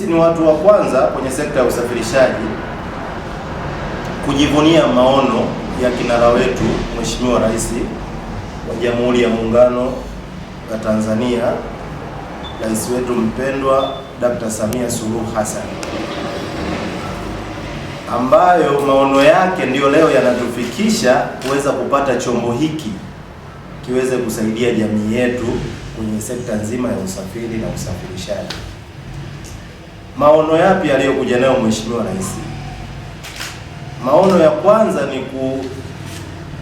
sisi ni watu wa kwanza kwenye sekta ya usafirishaji kujivunia maono ya kinara wetu Mheshimiwa Rais wa Jamhuri ya Muungano wa Tanzania, rais wetu mpendwa Dr. Samia Suluhu Hassan, ambayo maono yake ndiyo leo yanatufikisha kuweza kupata chombo hiki kiweze kusaidia jamii yetu kwenye sekta nzima ya usafiri na usafirishaji maono yapi yaliyokuja nayo Mheshimiwa Rais? Maono ya kwanza ni ku,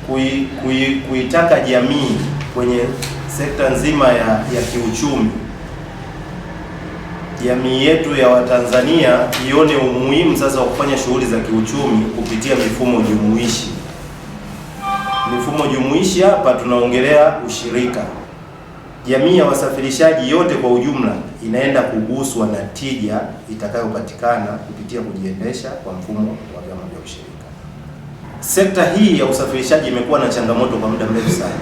kui, kui, kuitaka jamii kwenye sekta nzima ya, ya kiuchumi jamii yetu ya Watanzania ione umuhimu sasa wa kufanya shughuli za kiuchumi kupitia mifumo jumuishi. Mifumo jumuishi hapa tunaongelea ushirika jamii ya wasafirishaji yote kwa ujumla inaenda kuguswa na tija itakayopatikana kupitia kujiendesha kwa mfumo wa vyama vya ushirika. Sekta hii ya usafirishaji imekuwa na changamoto kwa muda mrefu sana,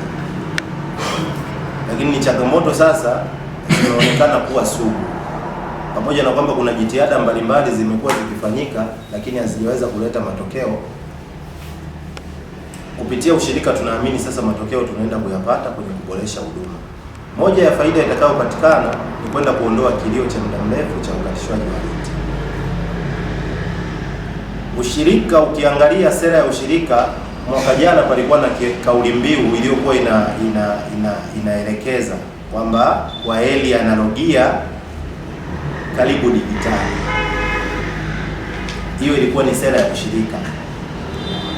lakini ni changamoto sasa zinaonekana kuwa sugu, pamoja na kwamba kuna jitihada mbalimbali zimekuwa zikifanyika, lakini hazijaweza kuleta matokeo. Kupitia ushirika tunaamini sasa matokeo tunaenda kuyapata kwenye kuboresha huduma. Moja ya faida itakayopatikana ni kwenda kuondoa kilio cha muda mrefu cha ukatishwaji wa miti. Ushirika, ukiangalia sera ya ushirika mwaka jana, palikuwa na kauli mbiu iliyokuwa ina, ina, ina, inaelekeza kwamba kwaheri analogia, karibu dijitali. Hiyo ilikuwa ni sera ya ushirika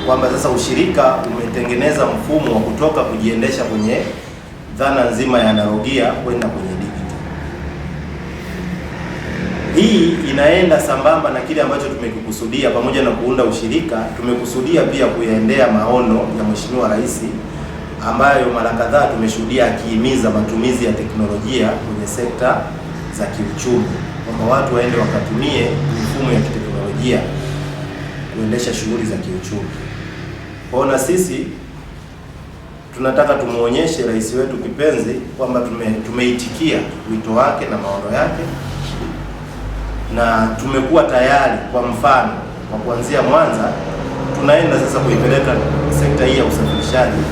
kwamba sasa ushirika umetengeneza mfumo wa kutoka kujiendesha kwenye dhana nzima ya analogia kwenda kwenye digital. Hii inaenda sambamba na kile ambacho tumekikusudia pamoja na kuunda ushirika, tumekusudia pia kuyaendea maono ya Mheshimiwa Rais ambayo mara kadhaa tumeshuhudia akihimiza matumizi ya teknolojia kwenye sekta za kiuchumi, kwamba watu waende wakatumie mifumo ya kiteknolojia kuendesha shughuli za kiuchumi. na sisi tunataka tumuonyeshe rais wetu kipenzi kwamba tume, tumeitikia wito wake na maono yake na tumekuwa tayari. Kwa mfano kwa kuanzia Mwanza tunaenda sasa kuipeleka sekta hii ya usafirishaji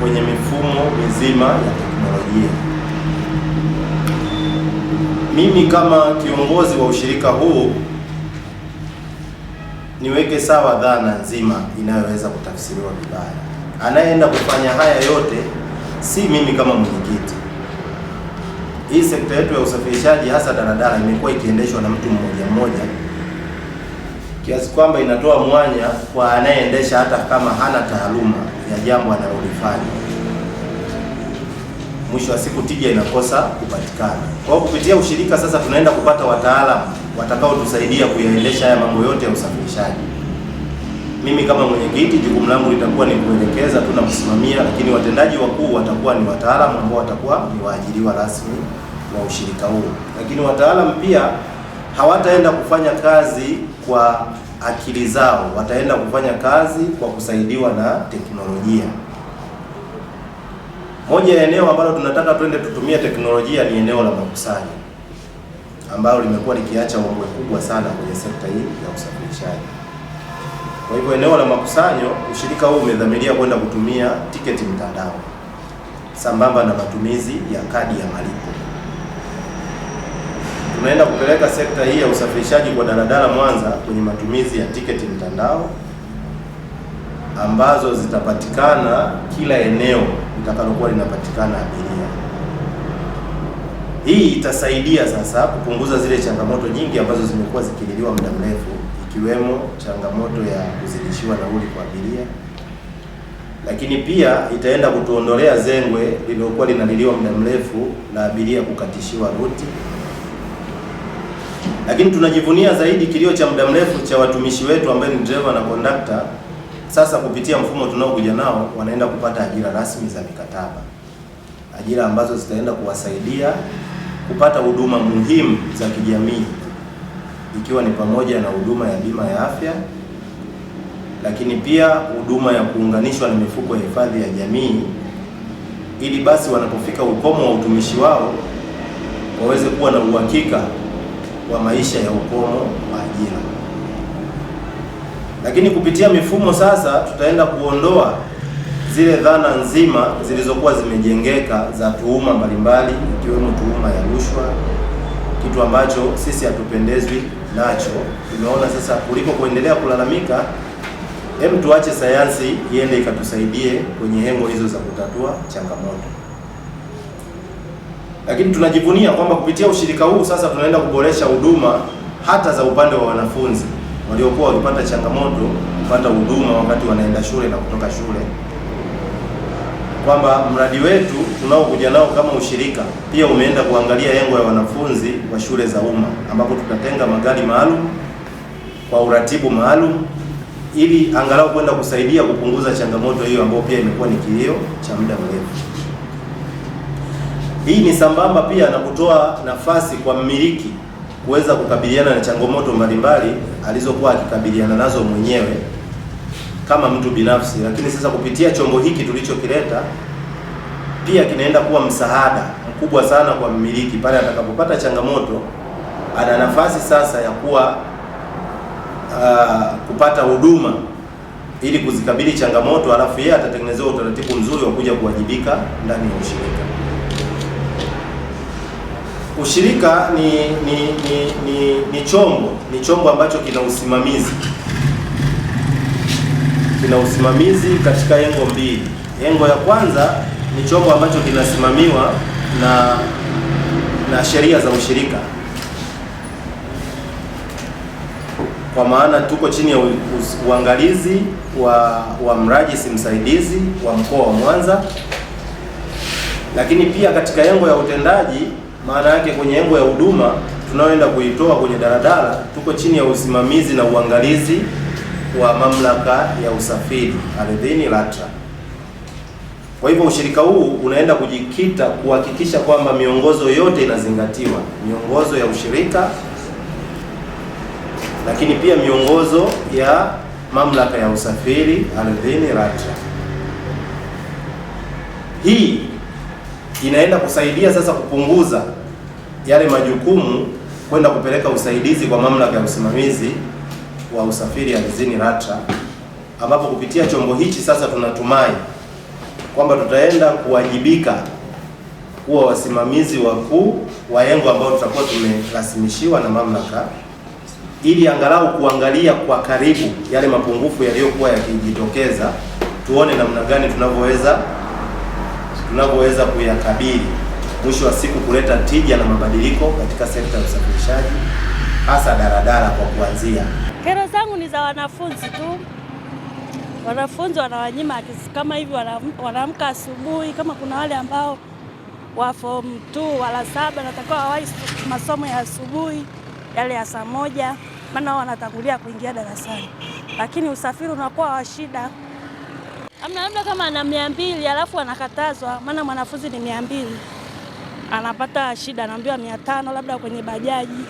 kwenye mifumo mizima ya teknolojia. Mimi kama kiongozi wa ushirika huu niweke sawa dhana nzima inayoweza kutafsiriwa vibaya anayeenda kufanya haya yote si mimi kama mwenyekiti. Hii sekta yetu ya usafirishaji hasa daladala imekuwa ikiendeshwa na mtu mmoja mmoja, kiasi kwamba inatoa mwanya kwa anayeendesha hata kama hana taaluma ya jambo analolifanya. Mwisho wa siku tija inakosa kupatikana. Kwa hiyo kupitia ushirika sasa tunaenda kupata wataalamu watakaotusaidia kuyaendesha haya mambo yote ya usafirishaji. Mimi kama mwenyekiti, jukumu langu litakuwa ni kuelekeza tu na kusimamia, lakini watendaji wakuu watakuwa ni wataalamu ambao watakuwa ni waajiriwa rasmi wa ushirika huu, lakini wataalamu pia hawataenda kufanya kazi kwa akili zao, wataenda kufanya kazi kwa kusaidiwa na teknolojia. Moja ya eneo ambalo tunataka twende tutumie teknolojia ni eneo la makusanyo ambalo limekuwa likiacha ombwe kubwa sana kwenye sekta hii ya usafirishaji. Kwa hivyo eneo la makusanyo, ushirika huu umedhamiria kwenda kutumia tiketi mtandao sambamba na matumizi ya kadi ya malipo. Tunaenda kupeleka sekta hii ya usafirishaji kwa daladala Mwanza kwenye matumizi ya tiketi mtandao ambazo zitapatikana kila eneo litakalokuwa linapatikana abiria. Hii itasaidia sasa kupunguza zile changamoto nyingi ambazo zimekuwa zikililiwa muda mrefu ikiwemo changamoto ya kuzidishiwa nauli kwa abiria, lakini pia itaenda kutuondolea zengwe lililokuwa linaliliwa muda mrefu la abiria kukatishiwa ruti. Lakini tunajivunia zaidi kilio cha muda mrefu cha watumishi wetu ambaye ni driver na conductor, sasa kupitia mfumo tunaokuja nao wanaenda kupata ajira rasmi za mikataba, ajira ambazo zitaenda kuwasaidia kupata huduma muhimu za kijamii ikiwa ni pamoja na huduma ya bima ya afya, lakini pia huduma ya kuunganishwa na mifuko ya hifadhi ya jamii, ili basi wanapofika ukomo wa utumishi wao waweze kuwa na uhakika wa maisha ya ukomo wa ajira. Lakini kupitia mifumo sasa, tutaenda kuondoa zile dhana nzima zilizokuwa zimejengeka za tuhuma mbalimbali ikiwemo tuhuma ya rushwa kitu ambacho sisi hatupendezwi nacho. Tumeona sasa kuliko kuendelea kulalamika, hem, tuache sayansi iende ikatusaidie kwenye hengo hizo za kutatua changamoto. Lakini tunajivunia kwamba kupitia ushirika huu sasa tunaenda kuboresha huduma hata za upande wa wanafunzi waliokuwa wakipata changamoto kupata huduma wakati wanaenda shule na kutoka shule kwamba mradi wetu tunaokuja nao kama ushirika pia umeenda kuangalia yengo ya wanafunzi wa shule za umma, ambapo tutatenga magari maalum kwa uratibu maalum ili angalau kwenda kusaidia kupunguza changamoto hiyo ambayo pia imekuwa ni kilio cha muda mrefu. Hii ni sambamba pia na kutoa nafasi kwa mmiliki kuweza kukabiliana na changamoto mbalimbali alizokuwa akikabiliana nazo mwenyewe kama mtu binafsi, lakini sasa kupitia chombo hiki tulichokileta pia kinaenda kuwa msaada mkubwa sana kwa mmiliki pale atakapopata changamoto, ana nafasi sasa ya kuwa uh, kupata huduma ili kuzikabili changamoto, alafu yeye atatengenezewa utaratibu mzuri wa kuja kuwajibika ndani ya ushirika. Ushirika ni ni, ni, ni, ni chombo ni chombo ambacho kina usimamizi kina usimamizi katika engo mbili. Engo ya kwanza ni chombo ambacho kinasimamiwa na na sheria za ushirika, kwa maana tuko chini ya uangalizi wa wa mrajisi msaidizi wa mkoa wa Mwanza, lakini pia katika engo ya utendaji, maana yake kwenye engo ya huduma tunaoenda kuitoa kwenye daladala, tuko chini ya usimamizi na uangalizi wa mamlaka ya usafiri ardhini LATRA. Kwa hivyo ushirika huu unaenda kujikita kuhakikisha kwamba miongozo yote inazingatiwa, miongozo ya ushirika, lakini pia miongozo ya mamlaka ya usafiri ardhini LATRA. Hii inaenda kusaidia sasa kupunguza yale majukumu kwenda kupeleka usaidizi kwa mamlaka ya usimamizi wa usafiri ardhini LATRA, ambapo kupitia chombo hichi sasa tunatumai kwamba tutaenda kuwajibika kuwa wasimamizi wakuu wa eneo ambao tutakuwa tumerasimishiwa na mamlaka, ili angalau kuangalia kwa karibu yale mapungufu yaliyokuwa yakijitokeza, tuone namna gani tunavyoweza tunavyoweza kuyakabili, mwisho wa siku kuleta tija na mabadiliko katika sekta ya usafirishaji hasa daladala kwa kuanzia. Kero zangu ni za wanafunzi tu. Wanafunzi wanawanyima kama hivi, wanaamka asubuhi. Kama kuna wale ambao wa form 2 wala saba, natakiwa wawahi masomo ya asubuhi yale ya saa moja, maana wanatangulia kuingia darasani, lakini usafiri unakuwa wa shida. Amna amna kama ana mia mbili alafu anakatazwa, maana mwanafunzi ni mia mbili anapata shida, anaambiwa mia tano labda kwenye bajaji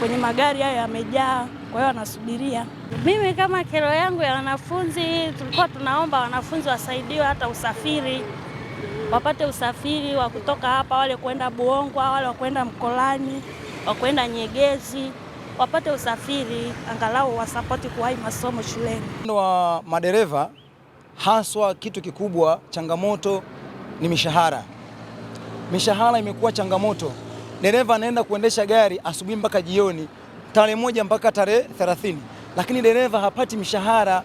kwenye magari hayo yamejaa, kwa hiyo wanasubiria. Mimi kama kero yangu ya wanafunzi, tulikuwa tunaomba wanafunzi wasaidiwe hata usafiri, wapate usafiri wa kutoka hapa, wale kwenda Buongwa, wale kwenda Mkolani, wa kwenda Nyegezi, wapate usafiri angalau wasapoti kuwahi masomo shuleni. Wa madereva haswa, kitu kikubwa changamoto ni mishahara. Mishahara imekuwa changamoto dereva anaenda kuendesha gari asubuhi mpaka jioni, tarehe moja mpaka tarehe thelathini, lakini dereva hapati mshahara,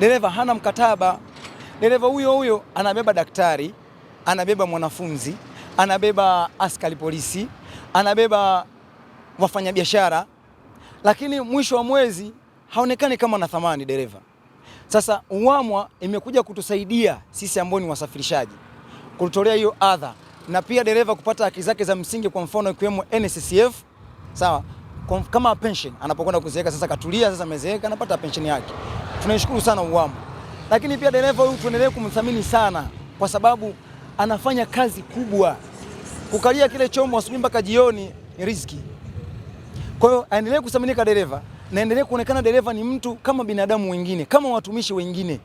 dereva hana mkataba. Dereva huyo huyo anabeba daktari, anabeba mwanafunzi, anabeba askari polisi, anabeba wafanyabiashara, lakini mwisho wa mwezi haonekani kama na thamani dereva. Sasa UWAMWA imekuja kutusaidia sisi ambao ni wasafirishaji, kututolea hiyo adha na pia dereva kupata haki zake za msingi, kwa mfano ikiwemo NSSF, sawa, kama pension anapokwenda kuzeeka. Sasa katulia, sasa amezeeka, anapata pension yake. Tunashukuru sana UWAMU, lakini pia dereva huyu tuendelee kumthamini sana, kwa sababu anafanya kazi kubwa. Kukalia kile chombo asubuhi mpaka jioni ni riziki. Kwa hiyo aendelee kuthaminika dereva na endelee kuonekana dereva ni mtu kama binadamu wengine, kama watumishi wengine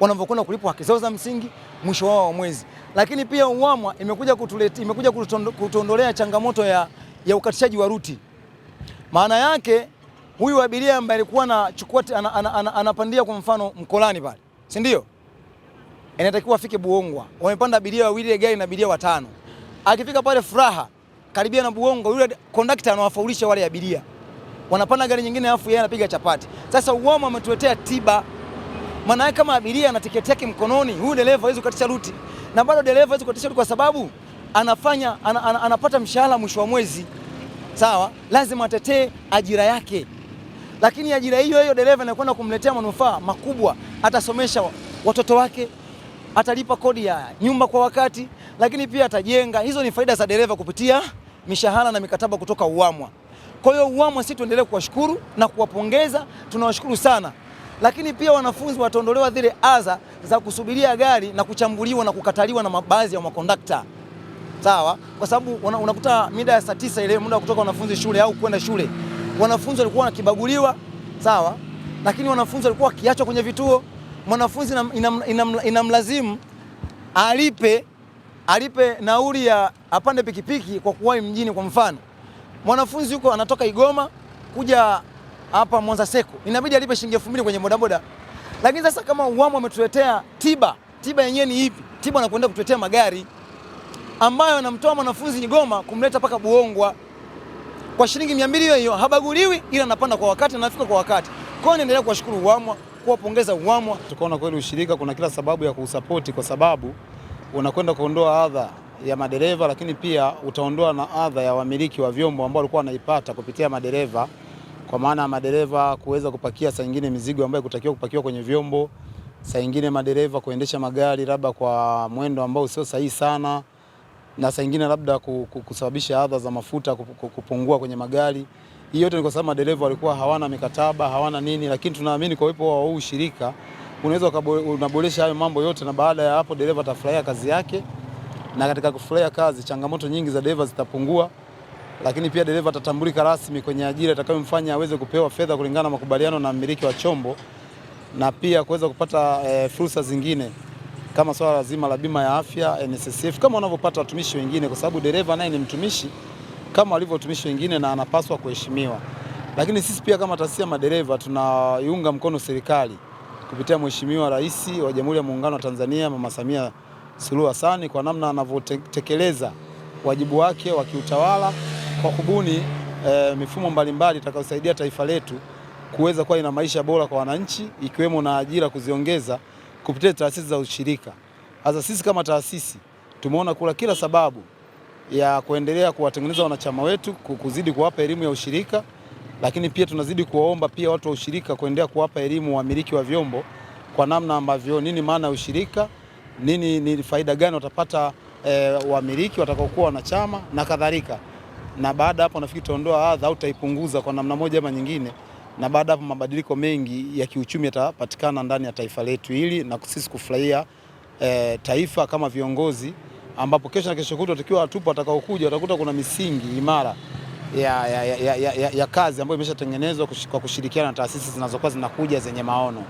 wanavyokwenda kulipwa haki zao za msingi mwisho wao wa mwezi. Lakini pia UWAMWA imekuja kutuleta, imekuja kutuondolea changamoto ya, ya ukatishaji wa ruti. Maana yake huyu abiria ambaye alikuwa anachukua anapandia ana, ana, ana, kwa mfano Mkolani pale, si ndio? Inatakiwa afike Buongwa, wamepanda abiria wawili gari na abiria watano. Akifika pale Furaha karibia na Buongwa, yule kondakta anawafaulisha wale abiria, wanapanda gari nyingine, alafu yeye anapiga chapati. Sasa UWAMWA ametuletea tiba maana kama abiria ana tiketi yake mkononi, huyu dereva hawezi kukatisha ruti, na bado dereva hawezi kukatisha ruti kwa sababu anafanya an, an, anapata mshahara mwisho wa mwezi, sawa, lazima atetee ajira yake, lakini ajira hiyo hiyo dereva inakwenda kumletea manufaa makubwa, atasomesha watoto wake, atalipa kodi ya nyumba kwa wakati, lakini pia atajenga. Hizo ni faida za dereva kupitia mishahara na mikataba kutoka UWAMWA. Kwa hiyo UWAMWA, sisi tuendelee kuwashukuru na kuwapongeza, tunawashukuru sana lakini pia wanafunzi wataondolewa zile adha za kusubiria gari na kuchambuliwa na kukataliwa na baadhi ya makondakta sawa, kwa sababu unakuta mida ya saa tisa ile muda wa kutoka wanafunzi shule au kwenda shule, wanafunzi walikuwa wanakibaguliwa sawa, lakini wanafunzi walikuwa wakiachwa kwenye vituo. Mwanafunzi inamlazimu alipe alipe nauli ya apande pikipiki kwa kuwahi mjini. Kwa mfano mwanafunzi yuko anatoka Igoma kuja hapa Mwanza Seko, inabidi alipe shilingi elfu mbili kwenye bodaboda. Lakini sasa kama UWAM ametuletea tiba, tiba yenyewe ni hivi, tiba anakwenda kutuletea magari ambayo anamtoa mwanafunzi Kigoma kumleta paka Buongwa kwa shilingi 200 hiyo hiyo, habaguliwi, ila anapanda kwa wakati, anafika kwa wakati. Kwa hiyo niendelea kuwashukuru UWAM, kuwapongeza UWAM. Tukaona kweli ushirika kuna kila sababu ya kuusapoti kwa sababu unakwenda kuondoa adha ya madereva, lakini pia utaondoa na adha ya wamiliki wa vyombo ambao walikuwa wanaipata kupitia madereva kwa maana ya madereva kuweza kupakia saa nyingine mizigo ambayo kutakiwa kupakiwa kwenye vyombo, saa nyingine madereva kuendesha magari labda kwa mwendo ambao sio sahihi sana, na saa nyingine labda kusababisha adha za mafuta kupungua kwenye magari. Hii yote ni kwa sababu madereva walikuwa hawana mikataba, hawana nini, lakini tunaamini kwa uwepo wa huu shirika unaweza unaboresha hayo mambo yote, na baada ya hapo dereva atafurahia kazi yake, na katika kufurahia kazi changamoto nyingi za dereva zitapungua lakini pia dereva atatambulika rasmi kwenye ajira itakayomfanya aweze kupewa fedha kulingana na makubaliano na mmiliki wa chombo na pia kuweza kupata e, fursa zingine kama swala zima la bima ya afya NSSF kama wanavyopata watumishi wengine, kwa sababu dereva naye ni mtumishi kama walivyo watumishi wengine na anapaswa kuheshimiwa. Lakini sisi pia kama taasisi ya madereva tunaiunga mkono serikali kupitia Mheshimiwa Rais wa Jamhuri ya Muungano wa Tanzania Mama Samia Suluhu Hassan kwa namna anavyotekeleza wajibu wake wa kiutawala kwa kubuni e, mifumo mbalimbali itakayosaidia taifa letu kuweza kuwa ina maisha bora kwa wananchi ikiwemo na ajira kuziongeza kupitia taasisi za ushirika. Hasa sisi kama taasisi tumeona kula kila sababu ya kuendelea kuwatengeneza wanachama wetu, kuzidi kuwapa elimu ya ushirika, lakini pia tunazidi kuwaomba pia watu wa ushirika kuendelea kuwapa elimu wamiliki wa vyombo kwa namna ambavyo nini maana ya ushirika, nini ni faida gani watapata e, wamiliki watakaokuwa wanachama na kadhalika na baada hapo nafikiri tutaondoa adha au utaipunguza kwa namna moja ama nyingine, na baada hapo mabadiliko mengi ya kiuchumi yatapatikana ndani ya taifa letu hili na sisi kufurahia e, taifa kama viongozi, ambapo kesho na kesho kutwa tukiwa watupu, watakaokuja watakuta kuna misingi imara ya, ya, ya, ya, ya, ya kazi ambayo imeshatengenezwa kwa kushirikiana na taasisi zinazokuwa zinakuja zenye maono.